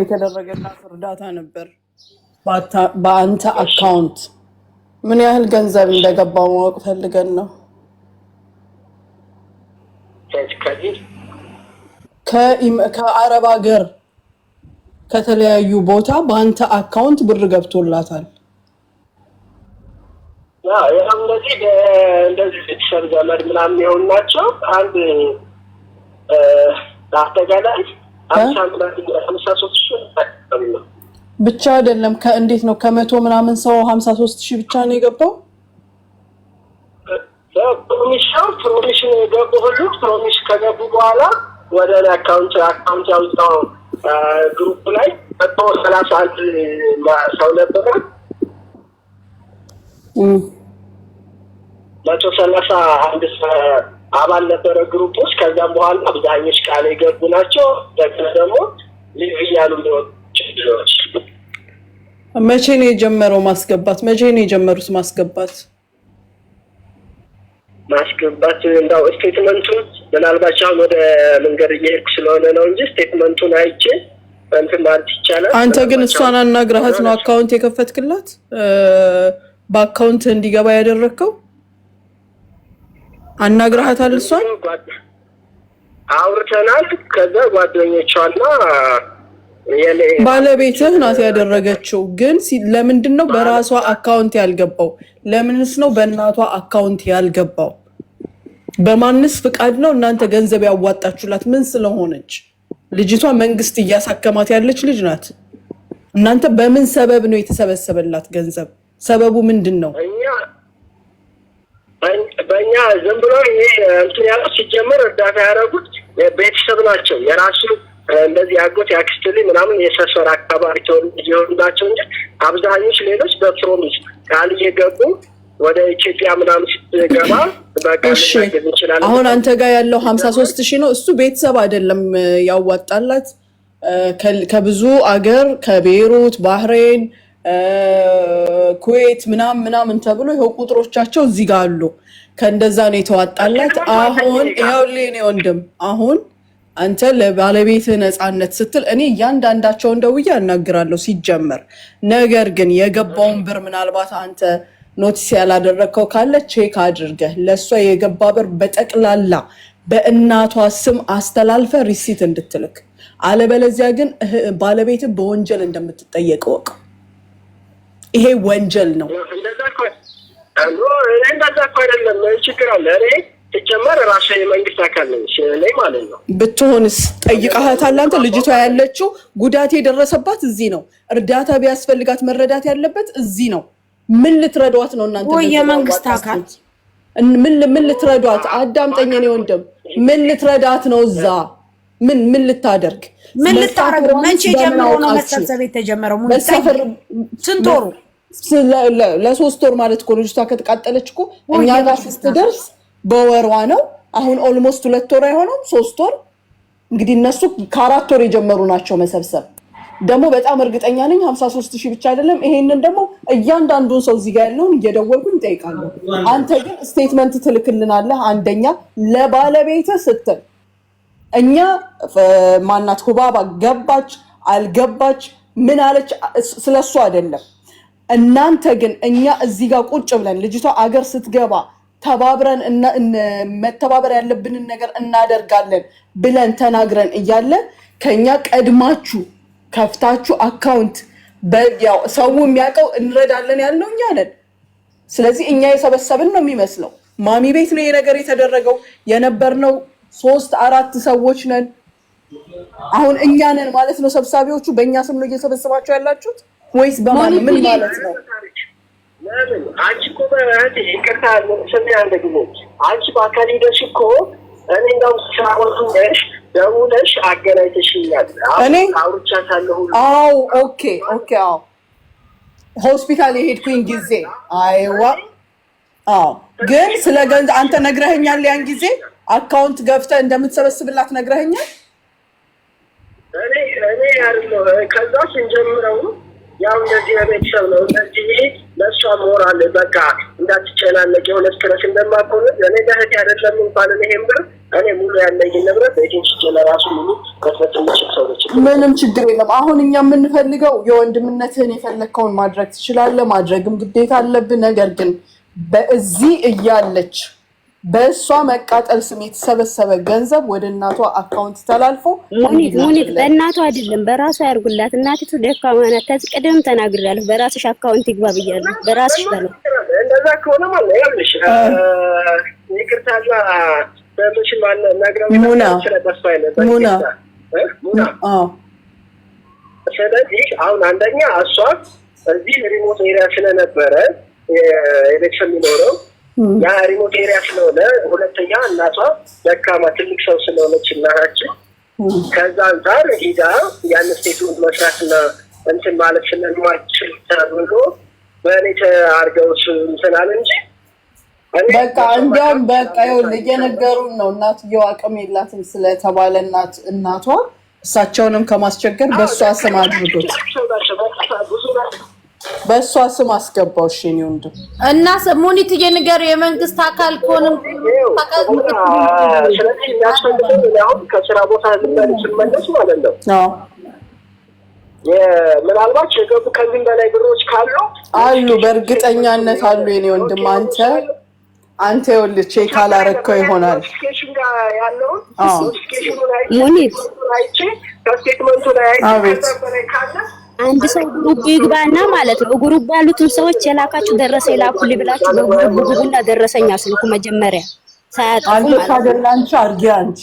የተደረገላት እርዳታ ነበር። በአንተ አካውንት ምን ያህል ገንዘብ እንደገባ ማወቅ ፈልገን ነው። ከአረብ ሀገር ከተለያዩ ቦታ በአንተ አካውንት ብር ገብቶላታል። እንደዚህ እንደዚህ ቤተሰብ ዘመድ ምናምን የሆኑ ናቸው አንድ አጠቃላይ ብቻ አይደለም። እንዴት ነው ከመቶ ምናምን ሰው ሀምሳ ሶስት ሺህ ብቻ ነው የገባው። ፕሮሚሽን ፕሮሚሽን የገቡ ሁሉ ፕሮሚሽ ከገቡ በኋላ ወደ ላይ አካውንት አካውንት ግሩፕ ላይ መቶ ሰላሳ አንድ ሰው ነበረ። መቶ ሰላሳ አንድ አባል ነበረ ግሩፖች። ከዛም በኋላ አብዛኞች ቃል የገቡ ናቸው። ደግሞ ደግሞ ሊቭ እያሉ ሚወጡ መቼ ነው የጀመረው ማስገባት? መቼ ነው የጀመሩት ማስገባት? ማስገባት እንዳው ስቴትመንቱን ምናልባት አሁን ወደ መንገድ እየሄድኩ ስለሆነ ነው እንጂ ስቴትመንቱን አይቼ እንትን ማለት ይቻላል። አንተ ግን እሷን አናግረሃት ነው አካውንት የከፈትክላት በአካውንት እንዲገባ ያደረግከው? አናግረሃታል? እሷን አውርተናል። ከዛ ጓደኞቿና ባለቤትህ ናት ያደረገችው። ግን ለምንድን ነው በራሷ አካውንት ያልገባው? ለምንስ ነው በእናቷ አካውንት ያልገባው? በማንስ ፍቃድ ነው እናንተ ገንዘብ ያዋጣችሁላት? ምን ስለሆነች? ልጅቷ መንግስት እያሳከማት ያለች ልጅ ናት። እናንተ በምን ሰበብ ነው የተሰበሰበላት ገንዘብ? ሰበቡ ምንድን ነው? በእኛ ዝም ብሎ ይሄ እንትን ያለው ሲጀምር እርዳታ ያደረጉት ቤተሰብ ናቸው የራሱ እንደዚህ አጎት ያክስት ምናምን የሰፈር አካባቢ የሆኑ እንጂ አብዛኞች ሌሎች በፕሮሚስ ቃል እየገቡ ወደ ኢትዮጵያ ምናምን ስትገባ እንችላለን። አሁን አንተ ጋር ያለው ሀምሳ ሶስት ሺህ ነው። እሱ ቤተሰብ አይደለም ያዋጣላት ከብዙ አገር ከቤይሩት፣ ባህሬን ኩዌት ምናምን ምናምን ተብሎ ይኸው ቁጥሮቻቸው እዚህ ጋር አሉ። ከእንደዛ ነው የተዋጣላት። አሁን ይኸውልህ ወንድም አሁን አንተ ለባለቤት ነፃነት ስትል እኔ እያንዳንዳቸውን ደውዬ አናግራለሁ ሲጀመር። ነገር ግን የገባውን ብር ምናልባት አንተ ኖቲስ ያላደረግከው ካለ ቼክ አድርገህ ለእሷ የገባ ብር በጠቅላላ በእናቷ ስም አስተላልፈ ሪሲት እንድትልክ፣ አለበለዚያ ግን ባለቤት በወንጀል እንደምትጠየቅ ወቅ ይሄ ወንጀል ነው። እንደዛ እኮ አይደለም ችግር አለ። እኔ ትጀመር ራሱ የመንግስት አካል ነኝ ላይ ማለት ነው። ብትሆንስ ጠይቃህታል አንተ? ልጅቷ ያለችው ጉዳት የደረሰባት እዚህ ነው። እርዳታ ቢያስፈልጋት መረዳት ያለበት እዚህ ነው። ምን ልትረዷት ነው እናንተ? የመንግስት አካል ምን ልትረዷት? አዳምጠኝ እኔ ወንድም፣ ምን ልትረዳት ነው እዛ ምን ምን ልታደርግ ምን ልታረግ? መቼ ጀምሮ ነው መሰብሰብ የተጀመረው? ስንት ወሩ ለሶስት ወር ማለት እኮ ልጅቷ ከተቃጠለች እኮ እኛ ጋር ስትደርስ በወሯ ነው። አሁን ኦልሞስት ሁለት ወር አይሆነውም፣ ሶስት ወር እንግዲህ እነሱ ከአራት ወር የጀመሩ ናቸው መሰብሰብ። ደግሞ በጣም እርግጠኛ ነኝ ሀምሳ ሶስት ሺህ ብቻ አይደለም። ይሄንን ደግሞ እያንዳንዱን ሰው እዚህ ጋር ያለውን እየደወልኩኝ እጠይቃለሁ። አንተ ግን ስቴትመንት ትልክልናለህ። አንደኛ ለባለቤትህ ስትል እኛ ማናት ሁባባ ገባች አልገባች ምን አለች ስለሱ አይደለም እናንተ ግን እኛ እዚህ ጋር ቁጭ ብለን ልጅቷ አገር ስትገባ ተባብረን መተባበር ያለብንን ነገር እናደርጋለን ብለን ተናግረን እያለ ከኛ ቀድማችሁ ከፍታችሁ አካውንት በያው ሰው የሚያውቀው እንረዳለን ያልነው እኛ ነን። ስለዚህ እኛ የሰበሰብን ነው የሚመስለው። ማሚ ቤት ነው ይሄ ነገር የተደረገው። የነበርነው ሶስት አራት ሰዎች ነን። አሁን እኛ ነን ማለት ነው ሰብሳቢዎቹ። በእኛ ስም ነው እየሰበሰባችሁ ያላችሁት። ወይስ በማን ምን ማለት ነው? አንቺ እኮ በእህት ይቅርታ ስሚ፣ አንድ ጊዜ አንቺ በአካል ሄደሽ እኮ እኔ እንደውም ሳወቱነሽ ደውለሽ አገናኝተሽኛል። እኔ ሳለሁ አዎ፣ ኦኬ፣ ኦኬ። አዎ፣ ሆስፒታል የሄድኩኝ ጊዜ አይዋ። አዎ፣ ግን ስለ ገንዘብ አንተ ነግረህኛል። ያን ጊዜ አካውንት ገፍተህ እንደምትሰበስብላት ነግረህኛል። እኔ እኔ ያለው ከዛ ስንጀምረው ያው እንደዚህ በቤተሰብ ነው እንደዚህ ለእሷ መሆን አለ በቃ እንዳትጨናነቅ የሆነ ስትረስ እንደማቆነ ለእኔ ለእህት ያደለም እንኳን ይሄም ብር እኔ ሙሉ ያለኝ ንብረት ኤጀንሲ ለራሱ ሙሉ ከፍለት ምችል ሰዎች ምንም ችግር የለም። አሁን እኛ የምንፈልገው የወንድምነትህን የፈለግከውን ማድረግ ትችላለህ። ማድረግም ግዴታ አለብህ። ነገር ግን በእዚህ እያለች በእሷ መቃጠል ስሜት የተሰበሰበ ገንዘብ ወደ እናቷ አካውንት ተላልፎ ሙኒት ሙኒት በእናቷ አይደለም በራሷ ያርጉላት። እናቲቱ ደካማ ናት። ከዚህ ቅድም ተናግሬያለሁ። በራስሽ አካውንት ይግባ ብያለሁ። በራስሽ በለው። እንደዛ ከሆነ ማለት ያልሽ ይቅርታና በምሽ ማለ ነግረሙና ሙና ስለዚህ አሁን አንደኛ እሷ እዚህ ሪሞት ኤሪያ ስለነበረ ኤሌክሽን የሚኖረው ያ ሪሞት ኤሪያ ስለሆነ፣ ሁለተኛ እናቷ ደካማ ትልቅ ሰው ስለሆነች እናታችን ከዛ አንጻር ሂዳ ያን ስቴቱ መስራትና እንትን ማለት ስለማችል ተብሎ በእኔ ተአርገውስ እንትናል እንጂ በቃ እንዲያውም በቃ ይኸውልህ እየነገሩን ነው። እናትየው አቅም የላትም ስለተባለ እናት እናቷ እሳቸውንም ከማስቸገር በእሷ ስም አድርጎት በእሷ ስም አስገባው። እሺ እኔ ወንድም እና ሙኒት የነገሩ የመንግስት አካል ከሆነ ስለዚህ የሚያስፈልገው አሁን ከስራ ቦታ ስመለስ ማለት ነው ምናልባት የገቡ ከዚህም በላይ ብሮች ካሉ አሉ፣ በእርግጠኛነት አሉ። የኔ ወንድም አንተ አንተ ይኸውልህ ቼክ አላረከው ይሆናል ሙኒት ከስቴትመንቱ ላይ ካለ አንድ ሰው ግሩፕ ይግባና ማለት ነው። ግሩፕ ያሉትን ሰዎች የላካችሁ ደረሰ የላኩልኝ ብላችሁ በግሩፕ ግቡና ደረሰኝ ስልኩ መጀመሪያ ሳያጣፉ ማለት ነው። አንቺ አርጊ አንቺ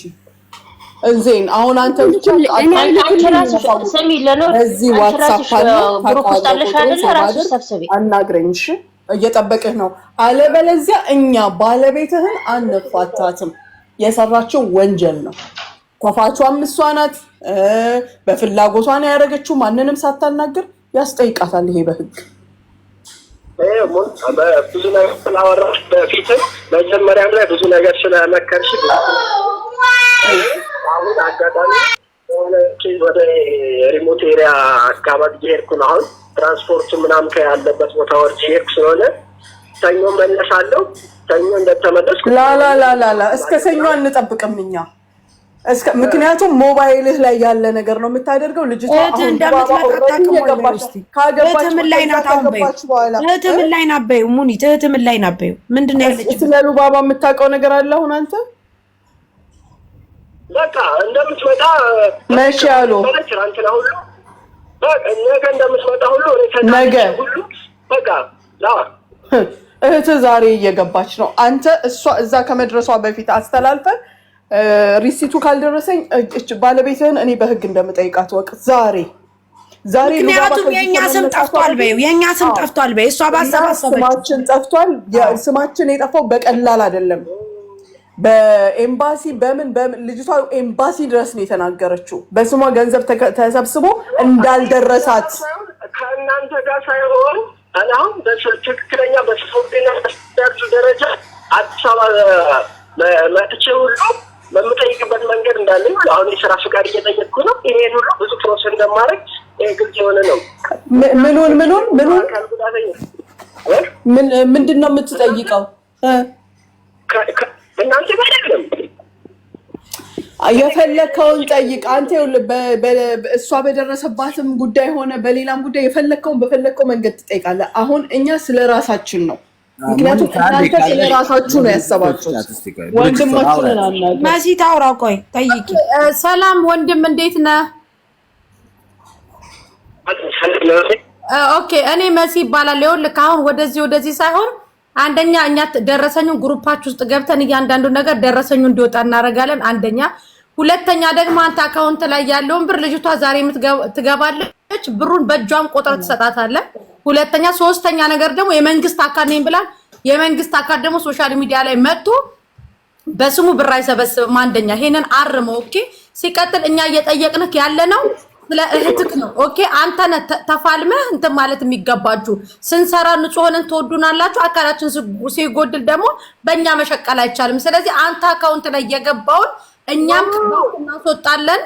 እንዜን አሁን አንተ ብቻ ሰሚ ዋትሳፕ አለ አናግረኝ። እሺ እየጠበቅህ ነው። አለበለዚያ እኛ ባለቤትህን አንፋታትም። የሰራችው ወንጀል ነው። ኳኳቿም እሷ ናት። በፍላጎቷ ነው ያደረገችው። ማንንም ሳታናግር ያስጠይቃታል። ይሄ በህግ ብዙ ነገር ስላወራሽ በፊትም መጀመሪያም ላይ ብዙ ነገር ስለመከርሽ አሁን አጋጣሚ ወደ ሪሞት ኤሪያ አካባቢ የሄድኩ አሁን ትራንስፖርቱ ምናምን ከያለበት ቦታ ወርጄ የሄድኩ ስለሆነ ሰኞ መለሳለሁ። ሰኞ እንደተመለስኩ ላላላላላ እስከ ሰኞ አንጠብቅም እኛ ምክንያቱም ሞባይልህ ላይ ያለ ነገር ነው የምታደርገው። ልጅቷ እህትህን ላይ ናበዩ በይው፣ ሙኒት ላይ ናበዩ በይው። ምንድን ነው ያለችው? ስለ ሉባባ የምታውቀው ነገር አለ? አሁን አንተ በቃ እንደምትመጣ መቼ አሉ ነገ እንደምትመጣ ሁሉ ነገ በቃ እህትህ ዛሬ እየገባች ነው። አንተ እሷ እዛ ከመድረሷ በፊት አስተላልፈን ሪሲቱ ካልደረሰኝ እጭ ባለቤትህን እኔ በህግ እንደምጠይቃት ወቅ ዛሬ ዛሬ ምክንያቱም የእኛ ስም ጠፍቷል በይው፣ የእኛ ስም ጠፍቷል በይ። እሷ ባሰባሰበች ስማችን ጠፍቷል። ስማችን የጠፋው በቀላል አይደለም። በኤምባሲ በምን በምን ልጅቷ ኤምባሲ ድረስ ነው የተናገረችው። በስሟ ገንዘብ ተሰብስቦ እንዳልደረሳት ከእናንተ ጋር ሳይሆን አሁን ትክክለኛ በስፎ ደረጃ አዲስ አበባ መጥቼ ሁሉ በምጠይቅበት መንገድ እንዳለ አሁን የስራ ፍቃድ እየጠየቅኩ ነው። ይሄን ሁሉ ብዙ ፕሮሰስ እንደማድረግ ግልጽ የሆነ ነው። ምኑን ምኑን ምኑን ምንድን ነው የምትጠይቀው? እናንተ አይደለም የፈለግከውን ጠይቅ። አንተ እሷ በደረሰባትም ጉዳይ ሆነ በሌላም ጉዳይ የፈለግከውን በፈለግከው መንገድ ትጠይቃለህ። አሁን እኛ ስለ ራሳችን ነው ምክንያቱም እናንተ ስለራሳችሁ ነው ያሰባችሁት። ወንድማችንን አናገር መሲ ታውራ። ቆይ ጠይቂ። ሰላም ወንድም፣ እንዴት ነህ? ኦኬ፣ እኔ መሲ ይባላል። ይኸውልህ አሁን ወደዚህ ወደዚህ ሳይሆን አንደኛ እኛ ደረሰኙን ግሩፓችሁ ውስጥ ገብተን እያንዳንዱ ነገር ደረሰኙ እንዲወጣ እናደርጋለን። አንደኛ ሁለተኛ ደግሞ አንተ አካውንት ላይ ያለውን ብር ልጅቷ ዛሬ ትገባለች፣ ብሩን በእጇም ቆጥረ ትሰጣታለህ ሁለተኛ ሶስተኛ ነገር ደግሞ የመንግስት አካል ነኝ ብላል። የመንግስት አካል ደግሞ ሶሻል ሚዲያ ላይ መጥቶ በስሙ ብር አይሰበስብም። አንደኛ ይሄንን አርመ ኦኬ። ሲቀጥል እኛ እየጠየቅንክ ያለ ነው ስለ እህትክ ነው ኦኬ። አንተ ተፋልመህ እንትን ማለት የሚገባችሁ ስንሰራ ንጹህ ተወዱናላችሁ ትወዱናላችሁ። አካላችን ሲጎድል ደግሞ በእኛ መሸቀል አይቻልም። ስለዚህ አንተ አካውንት ላይ የገባውን እኛም ከባንክ እናስወጣለን።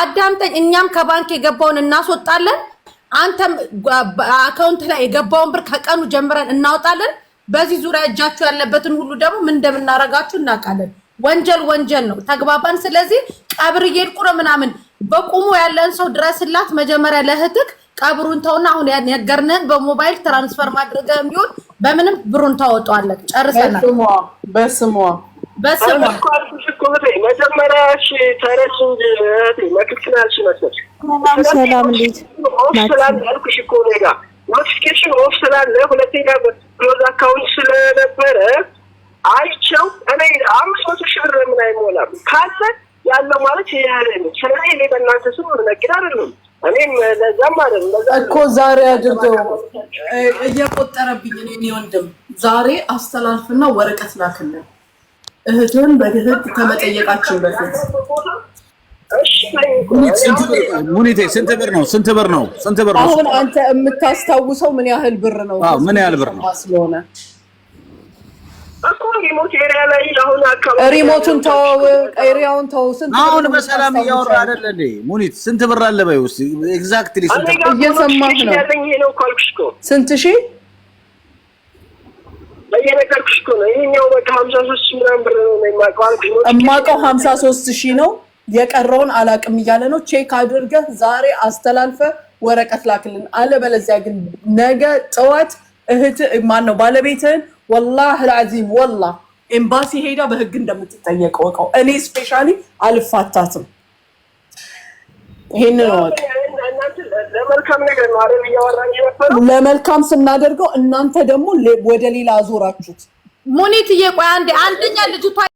አዳምጠኝ። እኛም ከባንክ የገባውን እናስወጣለን። አንተም አካውንት ላይ የገባውን ብር ከቀኑ ጀምረን እናወጣለን። በዚህ ዙሪያ እጃችሁ ያለበትን ሁሉ ደግሞ ምን እንደምናረጋችሁ እናውቃለን። ወንጀል ወንጀል ነው። ተግባባን። ስለዚህ ቀብር እየሄድኩ ነው ምናምን በቁሙ ያለን ሰው ድረስላት መጀመሪያ ለእህትህ ቀብሩን ተውና፣ አሁን ያነገርንህን በሞባይል ትራንስፈር ማድረገ ቢሆን በምንም ብሩን ታወጧለን። ጨርሰናል። በስሟ በስመ ስለነበረ አይቼው እኔ አምስት መቶ ሺህ ብር ለምን አይሞላም ካለ ያለው ማለት ይሄ ነው። ስለዚህ እኔ በእናንተ ስም ነግድ አይደለም እኔም ለዛም አይደለም እኮ ዛሬ አድርገው እየቆጠረብኝ እኔ ወንድም ዛሬ አስተላልፍና ወረቀት ላክልን እህትን በግህት ከመጠየቃቸው በፊት ስንት ብር ነው? ስንት ብር ነው? ስንት ብር ነው? አሁን አንተ የምታስታውሰው ምን ያህል ብር ነው? አዎ ምን ያህል ብር ነው? ስለሆነ ሪሞቱን ተው፣ ኤሪያውን ተው። ስንት ብር አሁን በሰላም እያወራ አይደለ እንዴ? ሙኒት ስንት ብር አለ በይው እስኪ። ኤግዛክትሊ ስንት እየሰማህ ነው? ስንት ሺህ በየነገርኩሽ እኮ ነው። ይሄኛው በቃ ሀምሳ ሶስት ሺህ ምናምን ብር ነው የማውቀው። ሀምሳ ሶስት ሺህ ነው የቀረውን አላውቅም እያለ ነው። ቼክ አድርገህ ዛሬ አስተላልፈ ወረቀት ላክልን፣ አለበለዚያ ግን ነገ ጠዋት እህት ማን ነው ባለቤትህን ወላሂ ልዓዚም ወላ ኤምባሲ ሄዳ በህግ እንደምትጠየቅ ወቀው። እኔ ስፔሻሊ አልፋታትም። ይሄንን ወቅ መልካም ነገር ነው አይደል እያወራን የነበረው ለመልካም ስናደርገው እናንተ ደግሞ ወደ ሌላ አዞራችሁት ሙኒት ቆይ አንዴ አንደኛ ልጅቷ